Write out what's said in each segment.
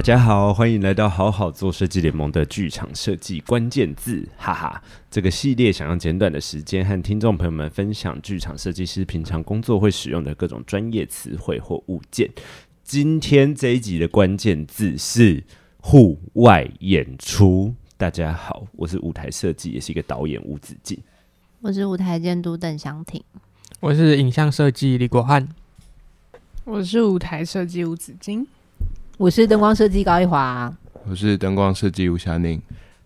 大家好，歡迎來到好好做設計聯盟的劇場設計關鍵字，哈哈，這個系列想要簡短的時間和聽眾朋友們分享劇場設計師平常工作會使用的各種專業詞彙或物件。今天這一集的關鍵字是戶外演出。大家好，我是舞台設計，也是一個導演吳子敬。我是舞台監督鄧祥婷。我是影像設計李國漢。我是舞台設計吳子敬。我是燈光設計高一華，我是燈光設計吳霞寧。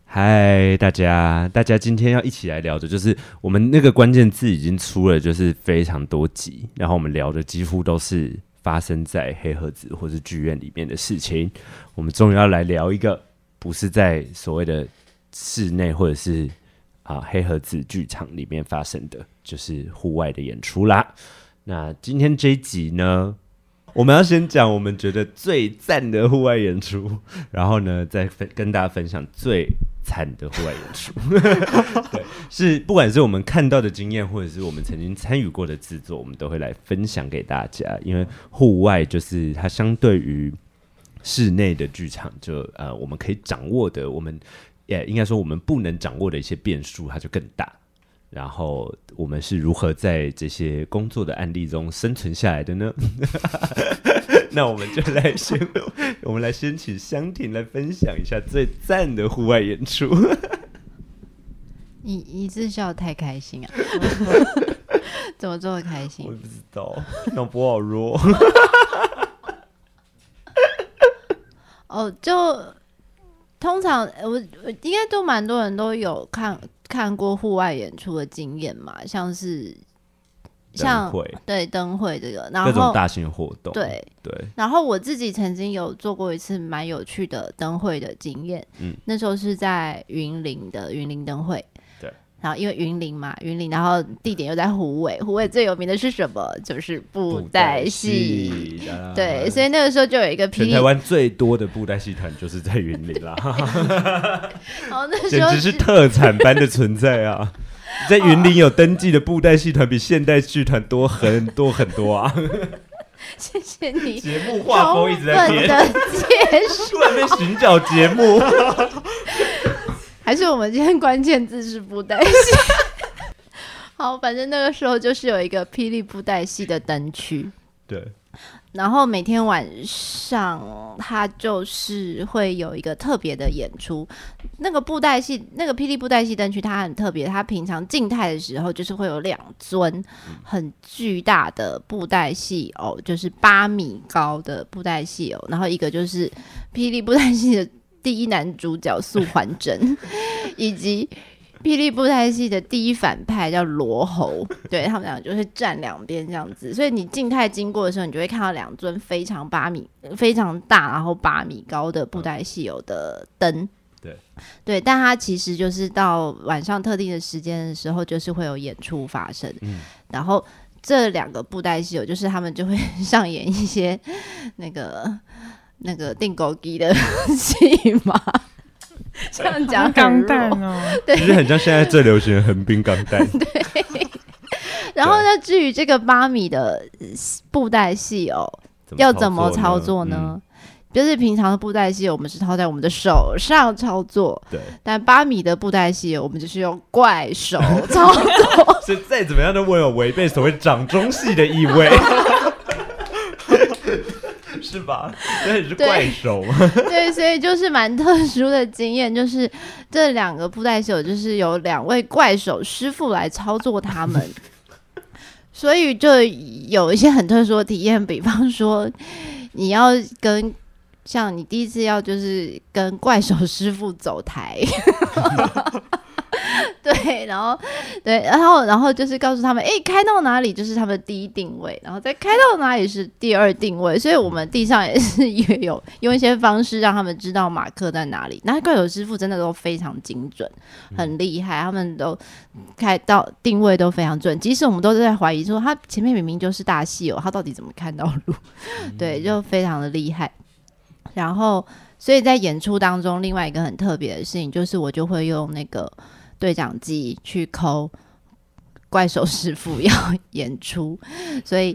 嗨，Hi，大家，大家今天要一起來聊的，就是我們那個關鍵字已經出了，就是非常多集，然後我們聊的幾乎都是發生在黑盒子或是劇院裡面的事情。我們終於要來聊一個不是在所謂的室內或者是啊黑盒子劇場裡面發生的，就是戶外的演出啦。那今天這一集呢，我們要先講我們覺得最讚的戶外演出，然後呢，再分跟大家分享最慘的戶外演出。 對，是不管是我們看到的經驗，或者是我們曾經參與過的制作，我們都會來分享給大家。因為戶外就是它相對於室內的劇場，就呃，我們可以掌握的，我們也應該說我們不能掌握的一些變數，它就更大。然後我們是如何在這些工作的案例中生存下來的呢？ 那我們就來先， 我們來先請香婷來分享一下最讚的戶外演出。 你你是笑得太開心啊？怎麼這 麼開心？我也不知道，腦波好弱。 哦，就通常我我應該都蠻多人都有看。看過戶外演出的經驗嘛？像是像對燈會這個，然後各種大型活動，對對。然後我自己曾經有做過一次蠻有趣的燈會的經驗，嗯，那時候是在雲林的雲林燈會。然後因為雲林嘛，雲林，然後地點又在虎尾，虎尾最有名的是什麼？就是布袋戲，布袋戲對，所以那個時候就有一個全台灣最多的布袋戲團就是在雲林啦。好 哦，那時候簡直是特產般的存在啊！ 在雲林有登記的布袋戲團比現代劇團多很多很多啊！ 謝謝你，節目畫風一直在變，突然在尋找節目。 還是我們今天關鍵字是布袋戲。 好，反正那個時候就是有一個霹靂布袋戲的燈區。對。然後每天晚上，它就是會有一個特別的演出。那個布袋戲，那個霹靂布袋戲燈區，它很特別。它平常靜態的時候，就是會有兩尊很巨大的布袋戲偶，哦，就是八米高的布袋戲偶，哦。然後一個就是霹靂布袋戲的。第一男主角素還真， 以及霹靂布袋戲的第一反派叫羅喉，對，他們倆就是站兩邊這樣子，所以你靜態經過的時候，你就會看到兩尊非常八米、非常大，然後八米高的布袋戲有的燈，嗯、對，對，但他其實就是到晚上特定的時間的時候，就是會有演出發生，嗯、然後這兩個布袋戲有，就是他們就會上演一些那個。那個定高低的戲嘛，像夾鋼彈哦，對，其實很像現在最流行的橫濱鋼彈。 對。 然後呢，至於這個八米的布袋戲哦，要怎麼操作呢？嗯、就是平常的布袋戲，我們是套在我們的手上操作。對。但八米的布袋戲，我們就是用怪手操作 對。 所以再怎麼樣都沒有違背所謂掌中戲的意味。 是吧？所以你是怪手。對，對，所以就是蠻特殊的經驗，就是這兩個布袋手就是由兩位怪手師傅來操作他們， 所以就有一些很特殊的體驗，比方說你要跟像你第一次要就是跟怪手師傅走台。 對，然後對，然後然後就是告訴他們，哎，開到哪裡就是他們第一定位，然後再開到哪裡是第二定位。所以，我們地上也是也有用一些方式讓他們知道馬克在哪裡。那怪手師傅真的都非常精準，很厲害，他們都開到定位都非常準。即使我們都在懷疑說他前面明明就是大戲哦，他到底怎麼看到路？對，就非常的厲害。然後，所以在演出當中，另外一個很特別的事情就是，我就會用那個。對講機去摳怪手師傅要演出，所以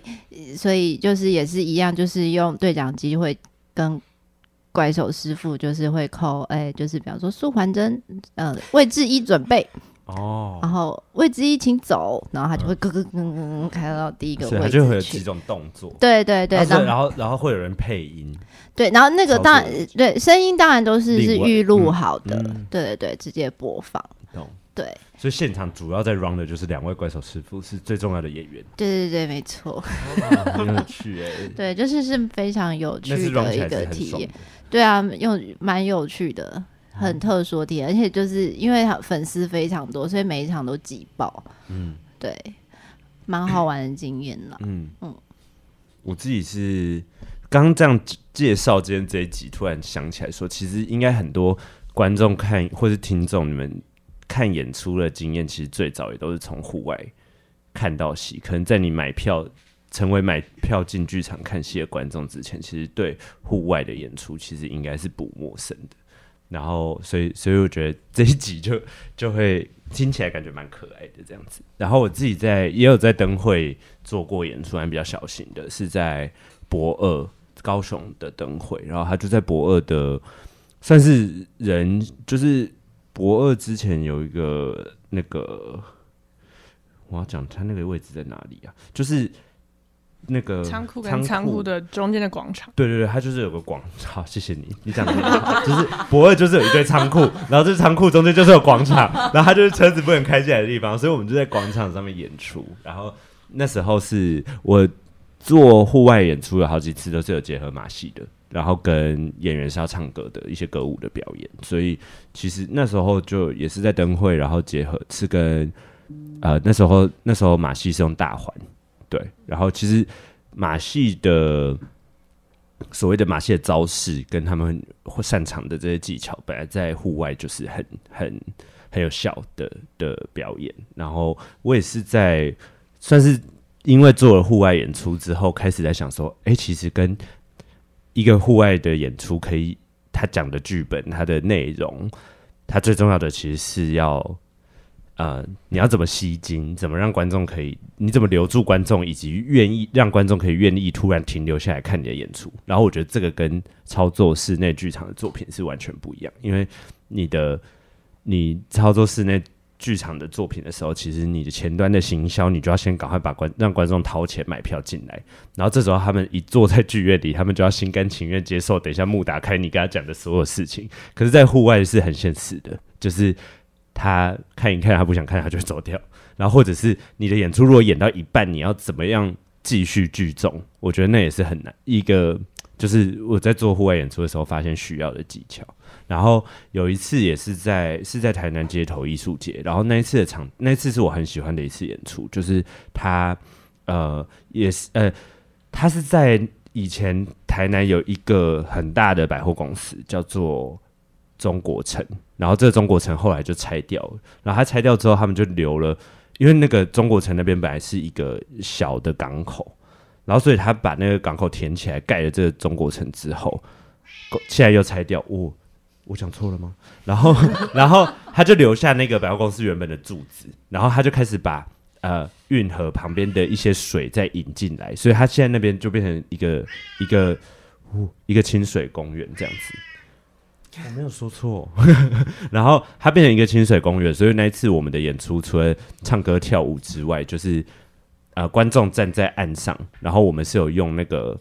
所以就是也是一樣，就是用對講機會跟怪手師傅，就是會摳哎、欸，就是比方說素還真，呃，位置一準備哦，然後位置一請走，然後他就會咯咯咯咯咯開到第一個位置，就會有幾種動作，對對對，然後然後會有人配音，對，然後那個當然對聲音當然都是是預錄好的，對對對，直接播放。對，所以現場主要在 run 的就是兩位怪手師傅，是最重要的演員。對對對，沒錯。很有趣哎、欸， 對，就是是非常有趣的一個體驗。對啊，又蠻有趣的，很特殊的體驗，嗯，而且就是因為他粉絲非常多，所以每一場都擠爆。嗯，對，蠻好玩的經驗啦。嗯嗯，我自己是剛剛這樣介紹今天這一集，突然想起來說，其實應該很多觀眾看或是聽眾你們看演出的經驗，其實最早也都是從戶外看到戲。可能在你買票成為買票進劇場看戲的觀眾之前，其實對戶外的演出其實應該是不陌生的。然後，所以，所以我覺得這一集就就會聽起來感覺蠻可愛的這樣子。然後，我自己在也有在燈會做過演出，還比較小型的，是在駁二高雄的燈會。然後，他就在駁二的算是人就是。博二，之前有一個那個，我要講它那個位置在哪裡啊？就是那個倉庫，跟倉庫的中間的廣場。對對對，它就是有個廣場。好，謝謝你，你講的 就是博二就是有一堆倉庫， 然後這倉庫中間就是有廣場， 然後它就是車子不能開進來的地方，所以我們就在廣場上面演出。然後那時候是我做戶外演出有好幾次都是有結合馬戲的。然後跟演員是要唱歌的一些歌舞的表演，所以其實那時候就也是在燈會，然後結合是跟呃那時候那時候馬戲是用大環對，然後其實馬戲的所謂的馬戲的招式跟他們會擅長的這些技巧，本來在戶外就是很很很有效的的表演。然後我也是在算是因為做了戶外演出之後，開始在想說，哎，其實跟。一個戶外的演出，可以他講的劇本，他的內容，他最重要的其實是要，呃，你要怎麼吸睛，怎麼讓觀眾可以，你怎麼留住觀眾，以及願意讓觀眾可以願意突然停留下來看你的演出。然後我覺得這個跟操作室內劇場的作品是完全不一樣，因為你的你操作室內。劇場的作品的時候，其實你的前端的行銷，你就要先趕快把觀讓觀眾掏錢買票進來，然後這時候他們一坐在劇院裡，他們就要心甘情願接受，等一下幕打開，你跟他講的所有事情。可是，在戶外是很現實的，就是他看一看，他不想看，他就走掉，然後或者是你的演出如果演到一半，你要怎麼樣繼續聚眾？我覺得那也是很難一個。就是我在做戶外演出的時候，發現需要的技巧。然後有一次也是在是在台南街頭藝術節，然後那一次的場，那一次是我很喜歡的一次演出。就是他呃也是呃，他是在以前台南有一個很大的百貨公司，叫做中國城。然後這個中國城後來就拆掉了。然後他拆掉之後，他們就留了，因為那個中國城那邊本來是一個小的港口。然後，所以他把那個港口填起來，蓋了這個中國城之後，現在又拆掉。我、哦、我講錯了嗎？然後，然後他就留下那個百貨公司原本的柱子，然後他就開始把呃運河旁邊的一些水再引進來，所以他現在那邊就變成一個一個、哦、一個清水公園這樣子。我沒有說錯。 然後它變成一個清水公園，所以那一次我們的演出，除了唱歌跳舞之外，就是。啊、呃，觀眾站在岸上，然後，我們是有用那個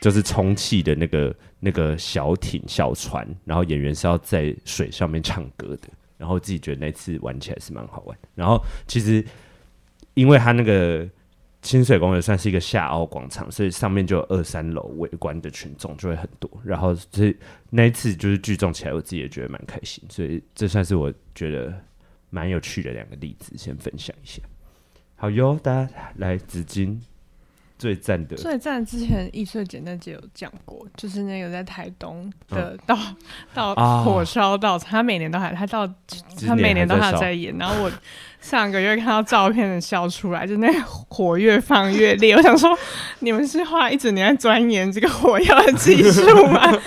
就是充氣的那個那個小艇小船，然後演員是要在水上面唱歌的，然後自己覺得那次玩起來是蠻好玩的。然後其實，因為他那個清水公園算是一個下凹廣場，所以上面就有二三樓圍觀的群眾就會很多，然後所以那一次就是聚眾起來，我自己也覺得蠻開心，所以這算是我覺得蠻有趣的兩個例子，先分享一下。好喲，大家來紫金最贊的最讚。之前易碎姐那集有講過，就是那個在台東的到、嗯、到火燒到、啊，他每年都還他到還他每年都還在演。然後我上個月看到照片的笑出來， 就那火越放越烈。 我想說，你們是花一整年在鑽研這個火藥的技術嗎？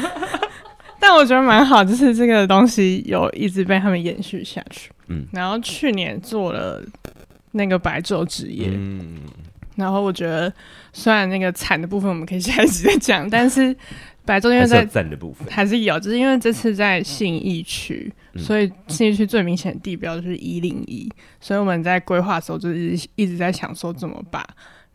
但我覺得蠻好，就是這個東西有一直被他們延續下去。嗯，然後去年做了。那個白晝之夜、嗯，然後我覺得雖然那個慘的部分我們可以下一期再講， 但是白晝因為在還是，還是有，就是因為這次在信義區、嗯，所以信義區最明顯的地標就是一零一，所以我們在規劃的時候就是一直在想說，怎麼把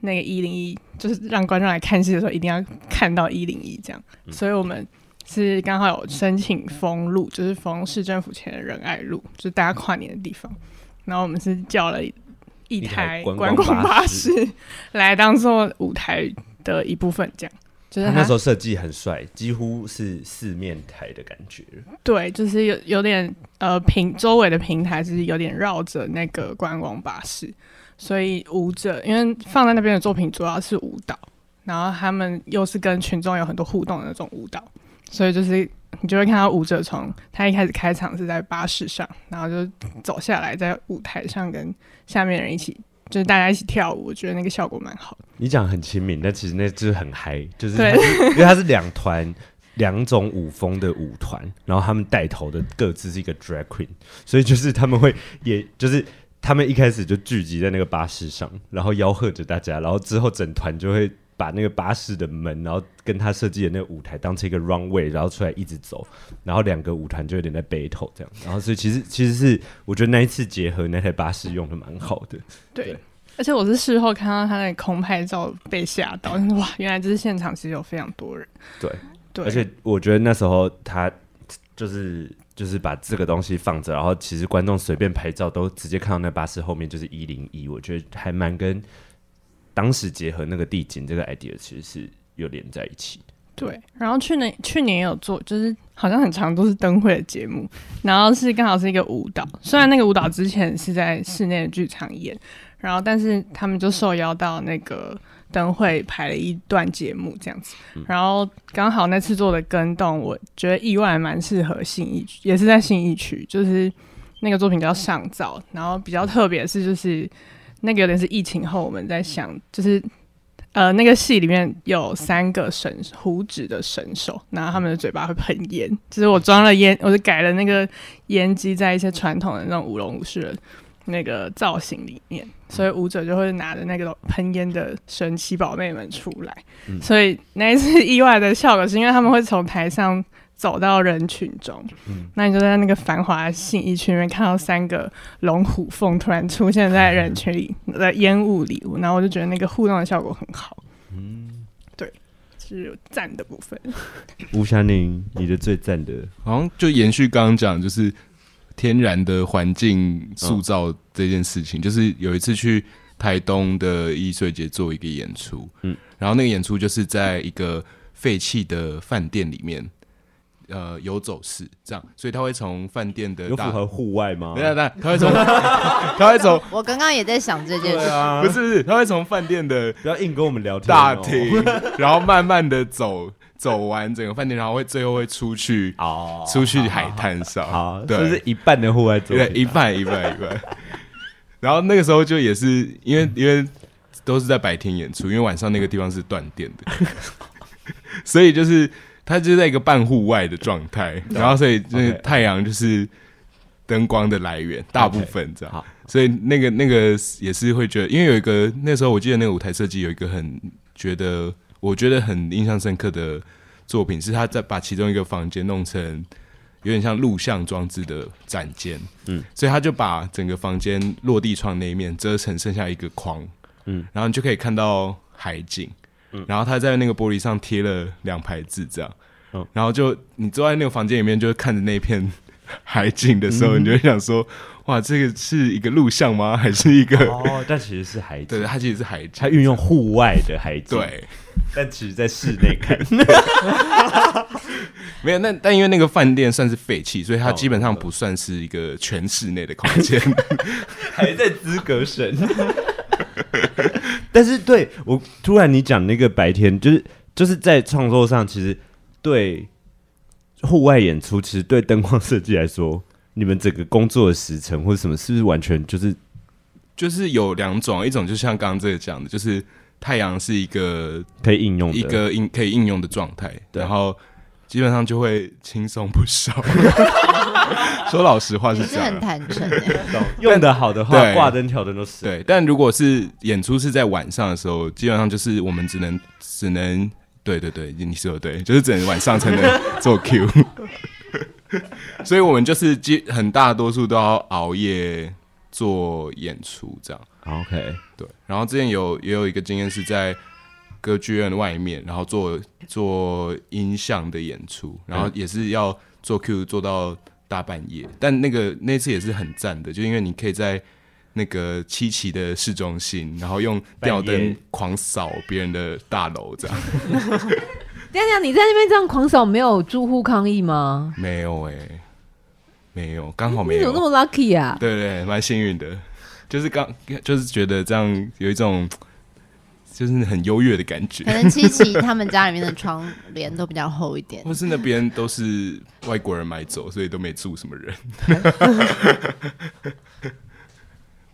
那個一零一，就是讓觀眾來看戲的時候一定要看到一零一這樣，所以我們是剛好有申請封路，就是封市政府前的仁愛路，就是大家跨年的地方，然後我們是叫了。一台觀光巴士，光巴士 來當做舞台的一部分，這樣。就是那時候設計很帥，幾乎是四面台的感覺。對，就是有有點呃平周圍的平台就是有點繞着那個觀光巴士，所以舞者因為放在那邊的作品主要是舞蹈，然後他們又是跟群眾有很多互動的那種舞蹈，所以就是。你就會看到舞者從他一開始開場是在巴士上，然後就走下來，在舞台上跟下面人一起，就是大家一起跳舞。我覺得那個效果蠻好。你講很親民，但其實那就是很嗨，就是，他是因為它是兩團兩種舞風的舞團，然後他們帶頭的各自是一個 drag queen，所以就是他們會也，也就是他們一開始就聚集在那個巴士上，然後吆喝着大家，然後之後整團就會。把那個巴士的門，然後跟他設計的那個舞台當成一個 runway，然後出來一直走，然後兩個舞台就有點在 battle 這樣，然後所以其實其實是我覺得那一次結合那台巴士用的蠻好的。對，對，而且我是事後看到他的空拍照被嚇到，哇，原來這是現場，其實有非常多人。對，對，而且我覺得那時候他就是就是把這個東西放着，然後其實觀眾隨便拍照都直接看到那巴士後面就是一零一，我覺得還蠻跟。當時結合那個地景這個 idea，其實是有連在一起。對，然後去年去年也有做，就是好像很長都是燈會的節目，然後是剛好是一個舞蹈，雖然那個舞蹈之前是在室內的劇場演，然後但是他們就受邀到那個燈會排了一段節目這樣子。然後剛好那次做的更動，我覺得意外蠻適合信義區，也是在信義區，就是那個作品叫上照，然後比較特別是就是。那個有點是疫情後我們在想，嗯、就是，呃，那個戲裡面有三個神胡子的神獸，然後他們的嘴巴會噴煙，就是我裝了煙，我就改了那個煙機在一些傳統的那種舞龍舞獅的那個造型裡面，所以舞者就會拿着那個噴煙的神奇寶貝們出來，嗯，所以那一次意外的效果是因為他們會從台上。走到人群中，嗯，那你就在那個繁華的信義區裡面看到三個龍虎鳳突然出現在人群裡，在煙霧裡，然後我就覺得那個互動的效果很好，嗯，對，就是有讚的部分。吳祥寧，你的最讚的，好像就延續剛剛講，就是天然的環境塑造這件事情，哦，就是有一次去台東的易水節做一個演出，嗯，然後那個演出就是在一個廢棄的飯店裡面。呃，遊走式這樣，所以他會從飯店的大有符合戶外嗎？沒、嗯、有，他、嗯嗯、 他會從，他會從。我剛剛也在想這件事。啊、不是，不是，他會從飯店的然後硬，跟我們聊天大廳，然後慢慢的走 走完整個飯店，然後會最後會出去哦， 出去海灘上。好，就是一半的戶外、啊，對，一半一半一半。一半 然後那個時候就也是因為因為都是在白天演出，因為晚上那個地方是斷電的， 所以就是。他就是在一個半戶外的狀態，然後所以那太陽就是燈光的來源，大部分這樣。Okay, 所以那個那個也是會覺得，因為有一個那個時候我記得那個舞台設計有一個很覺得我覺得很印象深刻的作品，是他在把其中一個房間弄成有點像錄像裝置的展間。嗯，所以他就把整個房間落地窗那一面遮成剩下一個框，嗯，然後你就可以看到海景。嗯、然後他在那個玻璃上貼了兩排字，這樣、哦，然後就你坐在那個房間裡面，就看着那片海景的時候，嗯、你就會想說：哇，這個是一個錄像嗎？還是一個？哦，但其實是海景，對，它其實是海景，它運用戶外的海景，對。但其實，在室內看， 沒有。那但因為那個飯店算是廢棄，所以它基本上不算是一個全室內的空間，哦哦、 還在資格審。 但是對，我突然你講那個白天，就是就是在創作上，其實對戶外演出，其實對燈光設計來說，你們整個工作的時程或者什麼是不是完全就是，就是有兩種，一種就像剛剛這個講的，就是太陽是一個，一個可以應用，一個應可以應用的狀態，然後。基本上就會輕鬆不少。 說老實話是這樣， 用得好的話，掛燈調燈都是對，對，但如果是演出是在晚上的時候，基本上就是我們只能只能，對對對，你說得對，就是只能晚上才能做 Q。 所以我們就是很大多數都要熬夜做演出，這樣。OK，對。然後之前有也有一個經驗是在歌劇院的外面，然後做做音像的演出，然後也是要做 Q 做到大半夜，嗯、但那個那次也是很讚的，就因為你可以在那個七期的市中心，然後用吊燈狂掃別人的大樓這樣。娘娘， 你在那邊這樣狂掃，沒有住戶抗議嗎？沒有哎、欸，沒有，剛好沒有。你怎麼那麼 lucky 啊？對對，對，蠻幸運的，就是剛就是覺得這樣有一種。就是很優越的感覺，可能七七他們家裡面的窗簾都比較厚一點， 不 是那邊都是外國人買走，所以都沒住什麼人。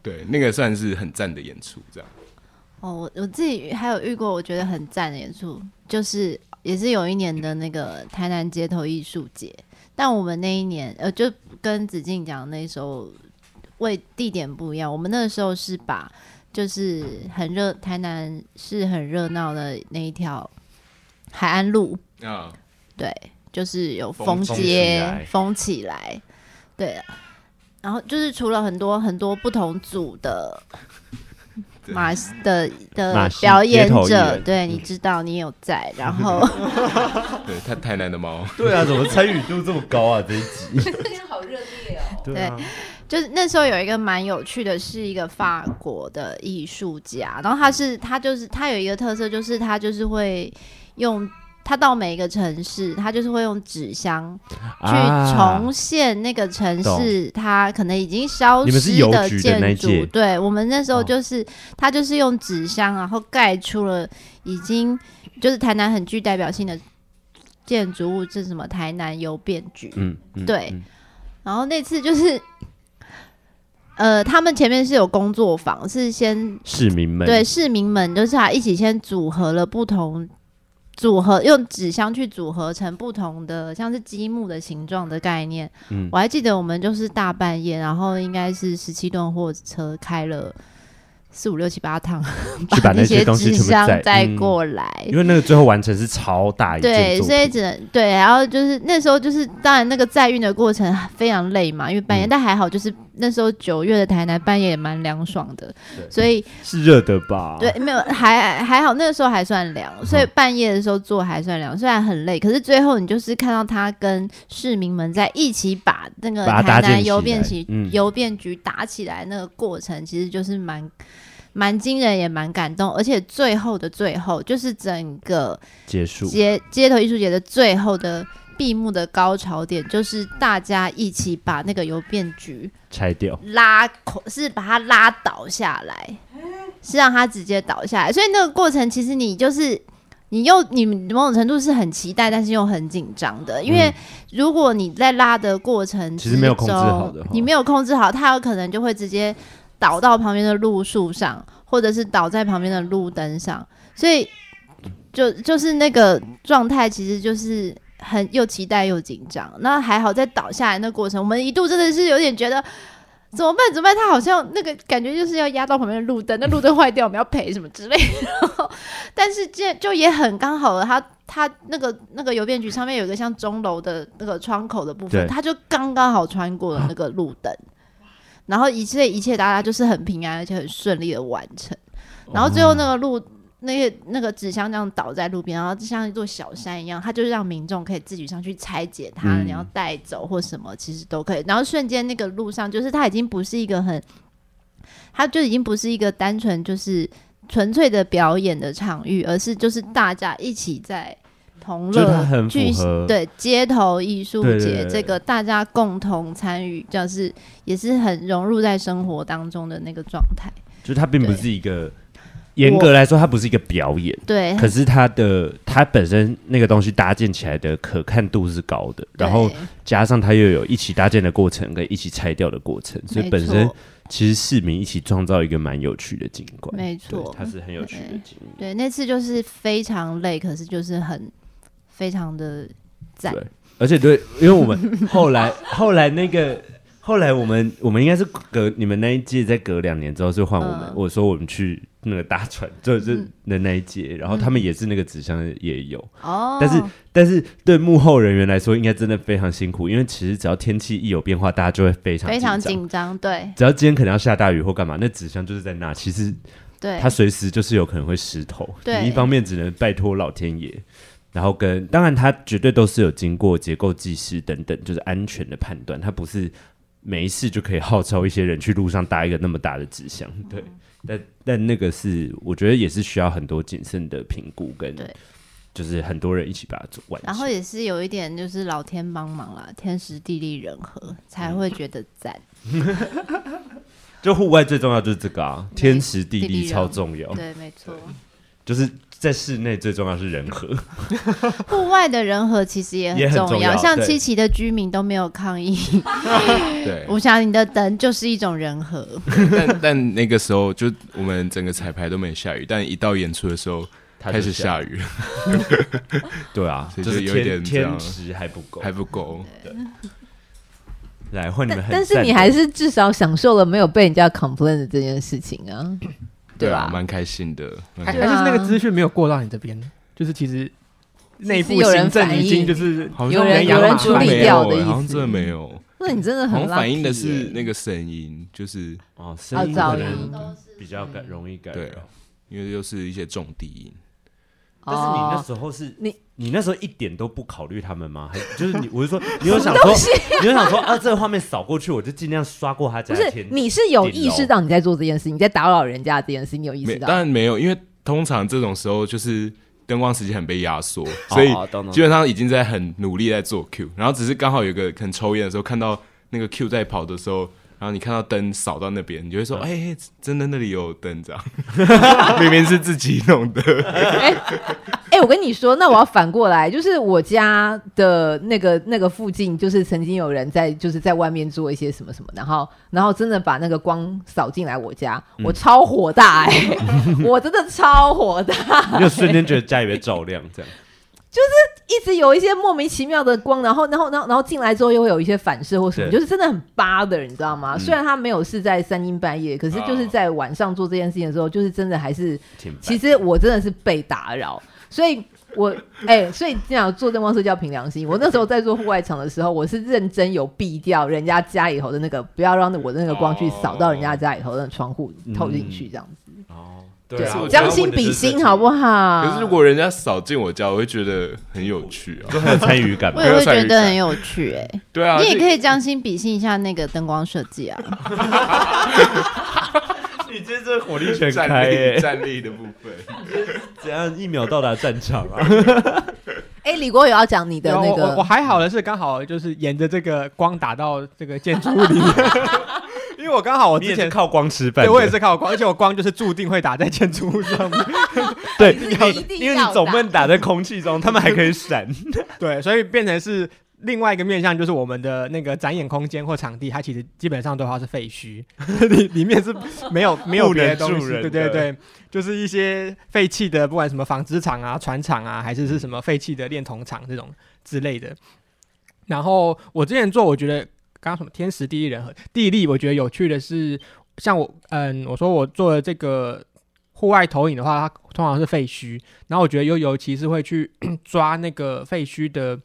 對，那個算是很讚的演出，這樣。哦，我我自己還有遇過我覺得很讚的演出，就是也是有一年的那個台南街頭藝術節，但我們那一年呃就跟子靜講，那時候為地點不一樣，我們那個時候是把。就是很熱，台南是很熱鬧的那一條海岸路啊。對，就是有封街封起、起來，對。然後就是除了很多很多不同組的馬戲的的表演者，對，你知道你有在，然後對，他台南的貓， 對啊，怎麼參與度這麼高啊？這一集 好熱烈哦、喔、對就是那時候有一個蠻有趣的，是一個法國的藝術家，然後他是他就是他有一個特色，就是他就是會用他到每一個城市，他就是會用紙箱去重現那個城市，他、啊、可能已經消失的建築、啊。對，我們那時候就是、哦、他就是用紙箱，然後蓋出了已經就是台南很具代表性的建築物，是什麼台南郵便局嗯？嗯，對。然後那次就是。呃，他們前面是有工作坊，是先市民們對市民們就是、啊、一起先組合了不同組合，用紙箱去組合成不同的，像是積木的形狀的概念、嗯。我還記得我們就是大半夜，然後應該是十七噸貨車開了四五六七八趟，去把那些， 把那些東西紙箱全部、嗯、帶過來，因為那個最後完成是超大一件，對，所以只能對。然後就是那時候就是當然那個載運的過程非常累嘛，因為半夜，嗯、但還好就是。那時候九月的台南半夜也蠻涼爽的，所以是熱的吧？對，沒有還還好，那個時候還算涼，所以半夜的時候做還算涼、哦，雖然很累，可是最後你就是看到他跟市民們在一起把那個台南郵便局郵便局打起來那個過程，嗯、其實就是蠻蠻驚人也蠻感動，而且最後的最後就是整個接結束街街頭藝術節的最後的。閉幕的高潮點就是大家一起把那個郵便局拆掉，拉口，是把它拉倒下來，是讓它直接倒下來。所以那個過程其實你就是你又你某種程度是很期待，但是又很緊張的，因為如果你在拉的過程中、嗯、其實沒有控制好的話，你沒有控制好，它有可能就會直接倒到旁邊的路樹上，或者是倒在旁邊的路燈上。所以就就是那個狀態，其實就是。很又期待又緊張，那還好在倒下來那過程，我們一度真的是有點覺得怎麼辦怎麼辦？他好像那個感覺就是要壓到旁邊的路燈，那路燈壞掉 我們要賠什麼之類的。但是這就也很剛好了，他他那個那個郵便局上面有一個像鐘樓的那個窗口的部分，他就剛剛好穿過了那個路燈，然後一切一切大家就是很平安而且很順利的完成，然後最後那個路。哦路那個那個紙箱這樣倒在路邊，然後就像一座小山一樣，他就是讓民眾可以自己上去拆解它，然後帶走或什麼，其實都可以。然後瞬間那個路上，就是他已經不是一個很，他就已經不是一個單純就是純粹的表演的場域，而是就是大家一起在同樂，就很符合，對街頭藝術節這個，對對對對，大家共同參與，就是也是很融入在生活當中的那個狀態，就是它並不是一個。嚴格來說，它不是一個表演，對。可是它的它本身那個東西搭建起來的可看度是高的，然後加上它又有一起搭建的過程跟一起拆掉的過程，所以本身其實市民一起創造一個蠻有趣的景觀，沒錯，它是很有趣的景觀，對的景觀對。對，那次就是非常累，可是就是很非常的讚，對，而且對，因為我們後來 後來那個後來我們我們應該是隔你們那一屆，再隔兩年之後就換我們、呃，我說我們去。那個大船就是的那一節、嗯，然後他們也是那個紙箱也有，嗯、但是但是對幕後人員來說，應該真的非常辛苦，因為其實只要天氣一有變化，大家就會非常非常緊張。對，只要今天可能要下大雨或幹嘛，那紙箱就是在那，其實對它隨時就是有可能會濕透。對，一方面只能拜託老天爺，然後跟當然它絕對都是有經過結構技師等等，就是安全的判斷，它不是沒事就可以號召一些人去路上搭一個那麼大的紙箱、嗯。對。但但那個是，我覺得也是需要很多謹慎的評估跟，對就是很多人一起把它做完。然後也是有一點，就是老天幫忙了，天時地利人和才會覺得讚。嗯、 就戶外最重要就是這個啊，天時地利超重要。對，沒錯，就是。在室內最重要的是人和，戶外的人和其實也很重要。重要，像七七的居民都沒有抗議，對， 我想你的燈就是一種人和。但，但那個時候就我們整個彩排都沒下雨，但一到演出的時候開始下雨，下 對啊，所以就，就是有一點天時還不夠，還不夠。來，混。你但，但是你還是至少享受了沒有被人家 complain 的這件事情啊。對，蠻開心的。但、啊、是，是那個資訊沒有過到你這邊，就是其實內部有人在已經就是好像有有人處理掉的意思。好像真的沒有。那你真的很、欸、反映的是那個聲音，就是哦，聲音、啊音嗯、比較容易改。對，因為又是一些重低音、哦。但是你那時候是你。你那時候一點都不考慮他們嗎？ 還是就是你，我是說，你有想說， 啊、你有想說啊，這個畫面掃過去，我就盡量刷過他家。不是，你是有意識到你在做這件事，你在打擾人家這件事，你有意識到沒？但沒有，因為通常這種時候就是燈光時間很被壓縮，所以基本上已經在很努力在做 Q，然後只是剛好有個很抽煙的時候看到那個 Q 在跑的時候。然後你看到燈掃到那邊，你就會說：“哎、嗯欸，真的那裡有燈，這樣 明明是自己弄的、 欸。欸”哎，我跟你說，那我要反過來，就是我家的那個那個附近，就是曾經有人在，就是在外面做一些什麼什麼，然後然後真的把那個光掃進來我家，我超火大哎、欸，嗯、 我真的超火大、欸，就瞬間覺得家裡被照亮這樣。就是一直有一些莫名其妙的光，然後然後然後然後進來之後又會有一些反射或什麼，就是真的很 bother。你知道嗎、嗯？雖然他沒有是在三更半夜，可是就是在晚上做這件事情的時候，哦、就是真的還是的，其實我真的是被打擾，所以我哎，所以這樣做燈光是叫憑良心。我那時候在做戶外場的時候，我是認真有避掉人家家裡頭的那個，不要讓我的那個光去掃到人家家裡頭的窗戶透、哦、進去，這樣子。嗯嗯對啊，將心比心好不好？可是如果人家掃進我家，我會覺得很有趣啊， 就很有參與感 我也會覺得很有趣哎、欸。 對啊，你也可以將心比心一下那個燈光設計啊。 你真是火力全開戰力 的部分， 怎樣一秒到達戰場啊？哎 欸，李國友要講你的那個，我我，我還好的是剛好就是沿着這個光打到這個建築物裡面。 我剛好，我之前靠光吃飯，對，我也是靠光，而且我光就是注定會打在建築物上面。 對你你，因為你總不能打在空氣中，他們還可以閃。 對，所以變成是另外一個面向，就是我們的那個展演空間或場地，它其實基本上都都是廢墟，裡 裡面是沒有沒有別的東西 人人的。對對對，就是一些廢棄的，不管什麼紡織廠啊、船廠啊，還是是什麼廢棄的煉銅廠這種之類的。然後我之前做，我覺得。剛剛什麼天時地利人和？地利我覺得有趣的是，像我，嗯，我說我做的這個戶外投影的話，它通常是廢墟。然後我覺得又尤其是會去抓那個廢墟的，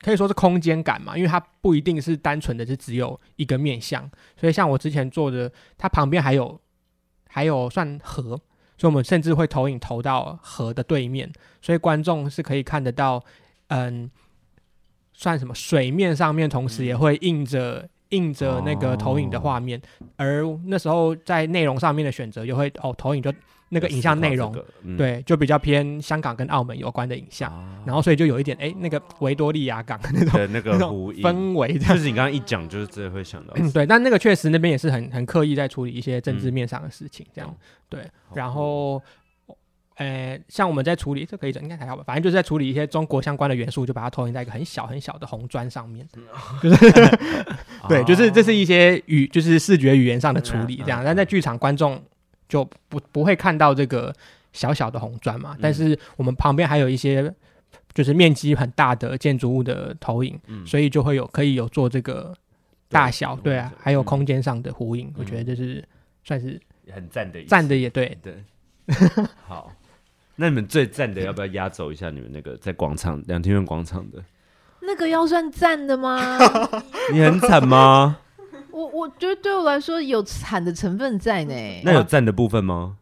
可以說是空間感嘛，因為它不一定是單純的，是只有一個面向。所以像我之前做的，它旁邊還有還有算河，所以我們甚至會投影投到河的對面，所以觀眾是可以看得到，嗯。算什麼水面上面，同時也會映着映着那個投影的畫面，哦，而那時候在內容上面的選擇，也會哦投影就那個影像，內容對，這個嗯，對，就比較偏香港跟澳門有關的影像，哦，然後所以就有一點誒、欸，那個維多利亞港的那種， 那種氛圍，就是你剛剛一講，就是真會想到，嗯，對，但那個確實那邊也是很很刻意在處理一些政治面上的事情，嗯，這樣對，哦，然後。呃，像我們在處理這可以整，應該還好吧。反正就是在處理一些中國相關的元素，就把它投影在一個很小很小的紅磚上面，嗯哦 哦、對，就是這是一些語、哦，就是視覺語言上的處理，這樣。嗯嗯、但在劇場觀眾就不不會看到這個小小的紅磚嘛、嗯，但是我們旁邊還有一些就是面積很大的建築物的投影、嗯，所以就會有可以有做這個大小對,對啊、嗯，還有空間上的呼應、嗯。我覺得這是算是也很讚的一，讚的也對，對， 好。那你們最贊的要不要壓軸一下你們那個在廣場兩天園廣場的？ 那個要算贊的嗎？ 你很慘慘嗎？ 我我覺得對我來說有慘的成分在呢。那有贊的部分嗎？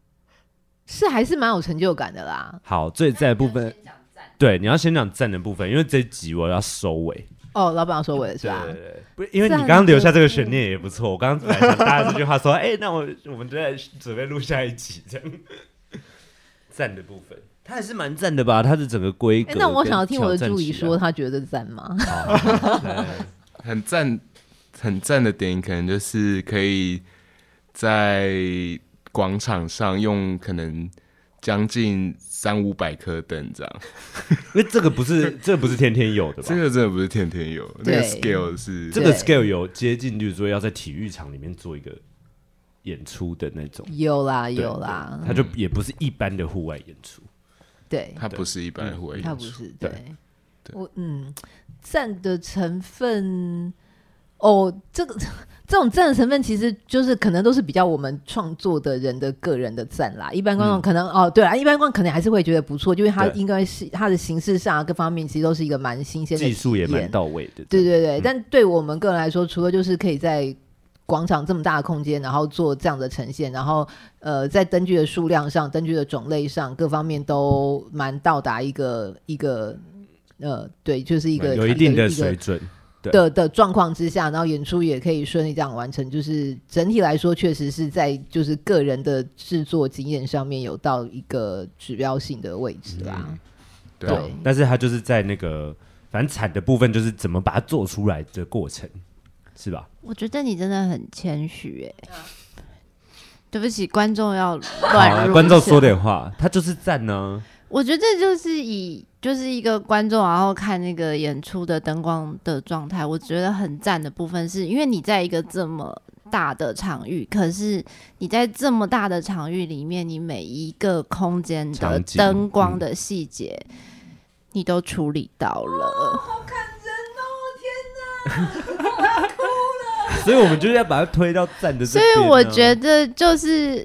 是還是蠻有成就感的啦。好，最贊的部分的，對，你要先講贊的部分，因為這一集我要收尾。哦，老板要收尾是吧？對對對對不是，因為你剛剛留下這個懸念也不錯。我剛剛大家這句話說，哎、 欸，那我我們正在準備錄下一集這樣。讚的部分，它還是蠻讚的吧？它的整個規格、欸。那我想要聽我的助理說，他覺得讚嗎？很讚， 很讚的點，可能就是可以在廣場上用，可能將近三五百顆燈這樣。因為這個不是，這個、不是天天有的吧？ 這個真的不是天天有，這、那個 scale 是這個 scale 有接近，就是說要在體育場裡面做一個。演出的那種有啦有啦，他就也不是一般的戶外演出，嗯、對，他不是一般的戶外演出，對，他不是對、對、對，我嗯贊的成分哦，這個這種贊的成分其實就是可能都是比較我們創作的人的個人的贊啦。一般觀眾可能、嗯、哦對啊，一般觀眾可能還是會覺得不錯，就因為他應該是他的形式上各方面其實都是一個蠻新鮮的，技術也蠻到位的，對對對、嗯。但對我們個人來說，除了就是可以在廣場這麼大的空間，然後做這樣的呈現，然後呃，在燈具的數量上、燈具的種類上各方面都蠻到達一個一個呃，對，就是一個、嗯、有一定的水準的對的狀況之下，然後演出也可以順利這樣完成。就是整體來說，確實是在就是個人的製作經驗上面有到一個指標性的位置啦。嗯對，哦、對，但是它就是在那個反正慘的部分，就是怎麼把它做出來的過程。是吧？我覺得你真的很謙虛誒。對不起，觀眾要亂入、 啊、觀眾說點話，他就是贊呢、啊。我覺得這就是以，就是一個觀眾然後看那個演出的燈光的狀態，我覺得很贊的部分是，是因為你在一個這麼大的場域，可是你在這麼大的場域裡面，你每一個空間的燈光的細節、嗯，你都處理到了、哦。好看人哦！天哪。 所以，我們就是要把它推到贊的這邊。所以，我覺得就是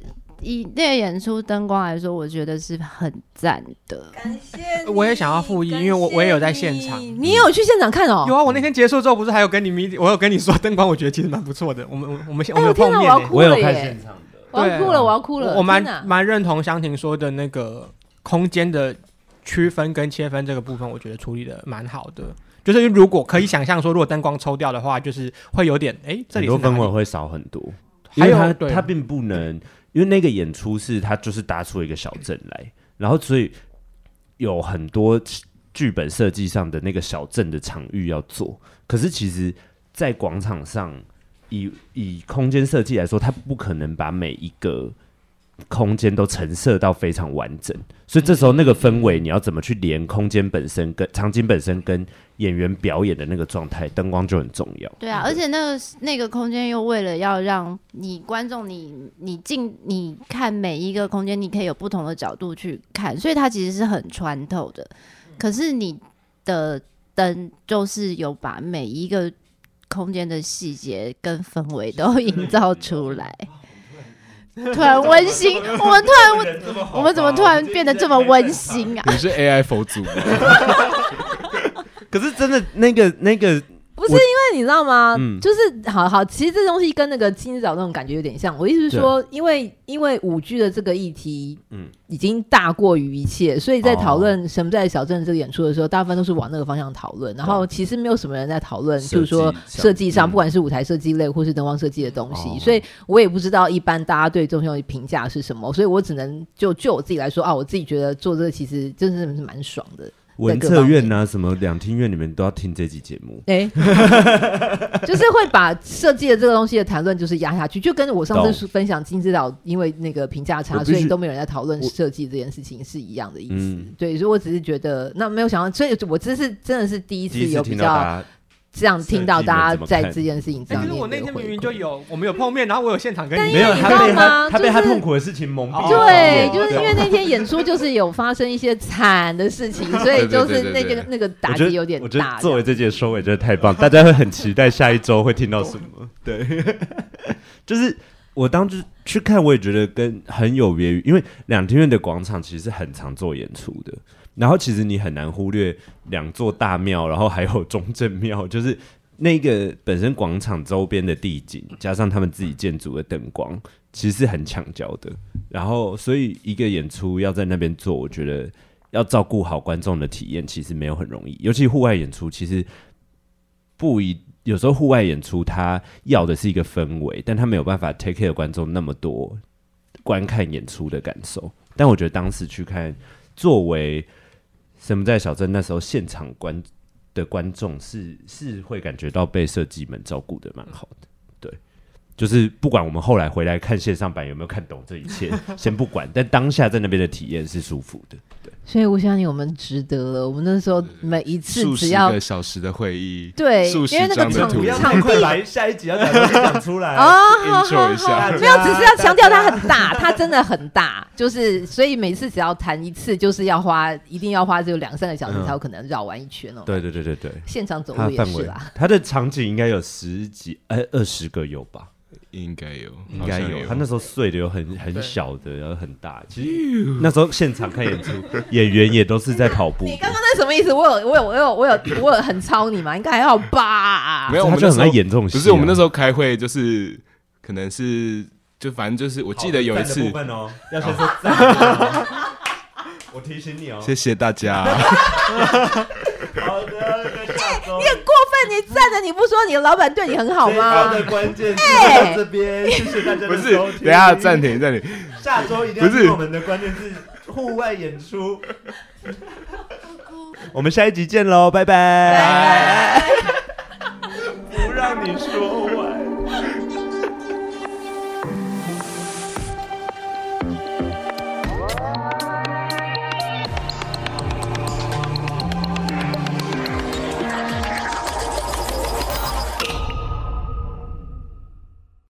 以那個演出燈光來說，我覺得是很贊的。感謝、欸呃。我也想要復議，因為我我也有在現場。你有去現場看哦？嗯、有啊！我那天結束之後，不是還有跟你們，我有跟你說燈光，我覺得其實蠻不錯的。我們我我們，、哎、我們有碰面、欸，我，、啊、我，我也有看現場的。我，要哭，了我要哭了，我要哭了。啊、我蠻蠻認同香婷說的那個空間的區分跟切分這個部分，我覺得處理的蠻好的。就是如果可以想象說，如果燈光抽掉的話，就是會有點誒、欸，這裡,裡很多氛圍會少很多。還有它、啊、它並不能、嗯，因為那個演出是它就是搭出一個小鎮來，然後所以有很多劇本設計上的那個小鎮的場域要做。可是其實，在廣場上以以空間設計來說，它不可能把每一個。空間都陳設到非常完整，所以這時候那個氛圍，你要怎麼去連空間本身跟、跟場景本身、跟演員表演的那個狀態，燈光就很重要。對啊，而且那個那個空間又為了要讓你觀眾，你你進你看每一個空間，你可以有不同的角度去看，所以它其實是很穿透的。可是你的燈就是有把每一個空間的細節跟氛圍都營造出來。 突然溫馨， 我們突然，我們怎麼突然變得這麼溫馨啊？你是 AI 佛祖嗎？ 可是真的那個那個。那個不是因為你知道嗎？嗯、就是好好，其實這東西跟那個金子島那種感覺有點像。我意思是說，因為因為五 G 的這個議題，已經大過於一切、嗯，所以在討論神不在小鎮這個演出的時候，大部分都是往那個方向討論。然後其實沒有什麼人在討論、嗯，就是說設計上、嗯，不管是舞台設計類或是燈光設計的東西、嗯，所以我也不知道一般大家對這種東西評價是什麼。所以我只能就就我自己來說啊，我自己覺得做這個其實真的是蠻爽的。文策院吶、啊，什麼兩廳院裡面都要聽這集節目，哎、欸， 就是會把設計的這個東西的談論就是壓下去，就跟我上次分享金枝島，因為那個評價差，所以都沒有人在討論設計這件事情是一樣的意思、嗯。對，所以我只是覺得，那沒有想到，所以我這是真的是第一次有比較。這樣聽到大家在這件事情上，其、欸、實我那天明明就有，我們有碰面、嗯，然後我有現場跟你們。沒有、嗯，他被他、就是，他被他痛苦的事情蒙蔽。對，就是因為那天演出就是有發生一些慘的事情，事情 所以就是那個 那個打擊有點大。大。我覺得作為這屆收尾真的太棒， 大家會很期待下一周會聽到什麼。對， 就是我當時去看，我也覺得跟很有別於，因為兩廳院的廣場其實是很常做演出的。然後其實你很難忽略兩座大廟，然後還有中正廟，就是那個本身廣場周邊的地景，加上他們自己建築的燈光，其實是很搶焦的。然後所以一個演出要在那邊做，我覺得要照顧好觀眾的體驗，其實沒有很容易。尤其戶外演出，其實不一有時候戶外演出它要的是一個氛圍，但它沒有辦法 take care 觀眾那麼多觀看演出的感受。但我覺得當時去看作為。神不在小鎮那時候，現場觀的觀眾是是會感覺到被設計們照顧得蠻好的，對，就是不管我們後來回來看線上版有沒有看懂這一切，先不管， 但當下在那邊的體驗是舒服的，對。所以我相信我們值得了。我們那時候每一次只要一個小時的會議，對，數十張的圖，暢會來下一集要再講出來哦，研 究、oh, 一下好好好。沒有，只是要強調它很大，大，它真的很大。就是所以每次只要談一次，就是要花，一定要花，只有兩三個小時才有可能繞完一圈哦。對、嗯、對對對對，現場走路也是啦。它，它的場景應該有十幾哎二十個有吧。應該有，應該有，有。他那時候睡的有很很小的，然後很大。其實那時候現場看演出， 演員也都是在跑步，哎。你剛剛那什麼意思？我有，我有，我有，我有，我很操你嘛？應該還好吧。沒有，我們就很愛演這種戲。不是，我們那時候開會就是，可能是就反正就是，我記得有一次、哦、要先說、哦。哦、 我提醒你哦，謝謝大家。 你站着，你不說你，你的老闆對你很好嗎？所的關鍵就在這邊，謝、欸、謝、就是、大家的收聽。不是，等一下暫停，暫停。下周一定要聽我們的關鍵字，戶外演出。 我們下一集見嘍，拜拜。拜拜 不讓你說。